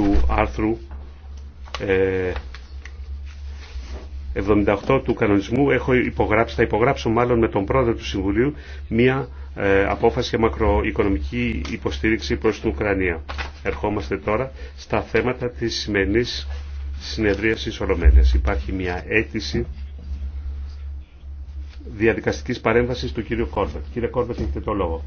του άρθρου 78 ε, του κανονισμού έχω υπογράψει, θα υπογράψω μάλλον με τον πρόεδρο του Συμβουλίου μία ε, απόφαση για μακροοικονομική υποστήριξη προς την Ουκρανία. Ερχόμαστε τώρα στα θέματα της σημερινή συνεδρίασης Ολομέλειας. Υπάρχει μία αίτηση διαδικαστικής παρέμβασης του κύριου Κόρβετ. Κύριε Κόρβετ, έχετε το λόγο.